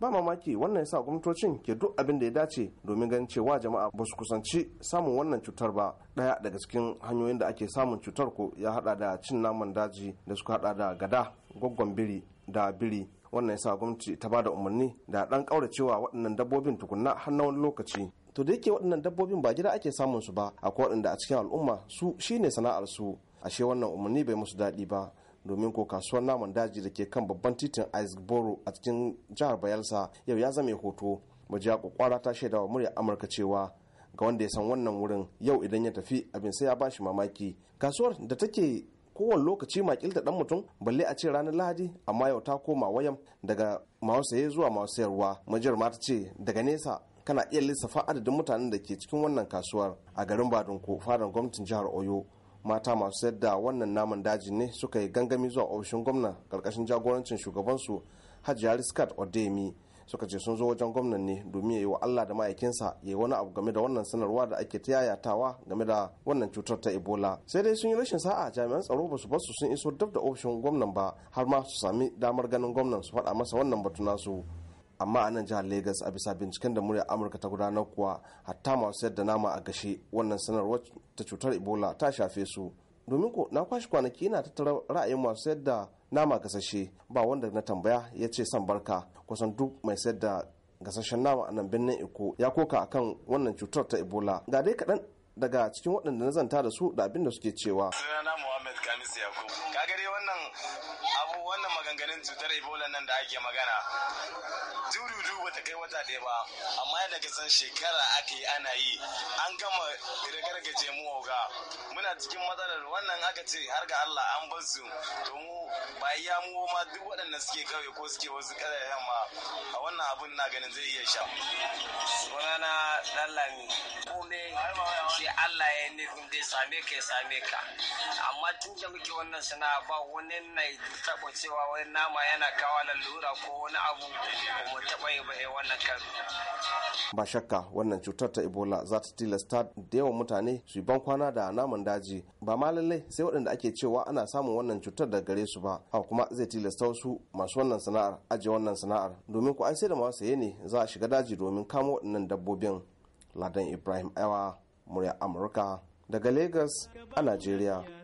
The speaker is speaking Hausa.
ba mamaki wannan yasa gwamnatocin ke duk abin da ya dace domin ganin cewa jama'a ba su kusanci samun wannan cutar ba Ɗaya daga cikin hanyoyin da ake samun cutar ko ya hada da cin naman daji da suka hada da gada gwaggon biri da biri wannan yasa gwamnati ta ba da umarni da dan cewa waɗannan dabbobin tukunna har na wani lokaci to da yake waɗannan dabbobin ba gida ake samun su ba akwai waɗanda a cikin al'umma su shine sana'ar su ashe wannan umarni bai musu daɗi ba domin ko kasuwar naman daji da ke kan babban titin Boro a cikin jihar Bayelsa yau ya zame hoto. Majiya kwakwara ta shaidawa murya Amurka cewa ga wanda ya san wannan wurin yau idan ya tafi abin sai ya bashi mamaki. Kasuwar da take kowane lokaci makil da dan mutum balle a ce ranar lahadi amma yau ta koma wayan daga masu saye zuwa masu sayarwa majiyar ma ta ce daga nesa kana iya lissafa adadin mutanen da ke cikin wannan kasuwar a garin ko fadan gwamnatin jihar oyo mata masu yadda wannan naman daji ne suka yi gangami zuwa ofishin gwamna karkashin jagorancin shugabansu hajiya riskat odemi suka ce sun zo wajen gwamnan ne domin ya yi wa allah da ma'aikinsa ya yi wani abu game da wannan sanarwa da ake ta yayatawa game da wannan cutar ta ebola sai dai sun yi rashin sa'a jami'an tsaro ba su basu sun iso dab da ofishin gwamnan ba har ma su sami damar ganin gwamnan su faɗa masa wannan batu nasu amma a nan jihar lagos a bisa binciken da murya amurka ta gudanar kuwa hatta masu sayar da nama a gashe wannan sanarwar ta cutar ebola ta shafe su domin ko na kwashe kwanaki yana tattara ra'ayin masu sayar da nama gasashe ba wanda na tambaya ya ce san barka kusan duk mai sayar da gasashen nama a nan birnin eko ya koka akan wannan cutar ta ebola ga dai kaɗan daga cikin waɗanda na zanta da su da abin da suke cewa. Sunana Muhammad Kamis Yakub. Kaga dai wannan abu wannan maganganun cutar Ebola nan da ake magana. Dududu bata kai wata ɗaya ba, amma yadda ka san shekara yi ana yi, an gama gargaje mu ga. Muna cikin matsalar wannan aka ce har ga Allah an bar su, to ba ya mu ma duk waɗanda suke kawai ko suke wasu ƙasashen yamma, a wannan abun na ganin zai iya sha. Sunana Lallami. Allah ya nufin zai same ka ya same ka amma tun da muke wannan sana'a ba wani na taɓa cewa wani nama yana kawo lalura ko wani abu mu taɓa yi ba eh, wannan karu. ba shakka wannan cutar ta ebola za ta tilasta da yawan mutane su yi ban kwana da naman daji ba ma lallai sai waɗanda ake cewa ana samun wannan cutar da gare su ba a kuma zai tilasta wasu masu wannan sana'ar ajiye wannan sana'ar domin ku an sai da masu saye ne za a shiga daji domin kamo waɗannan dabbobin ladan ibrahim aiwa murya amurka daga lagos a Nigeria.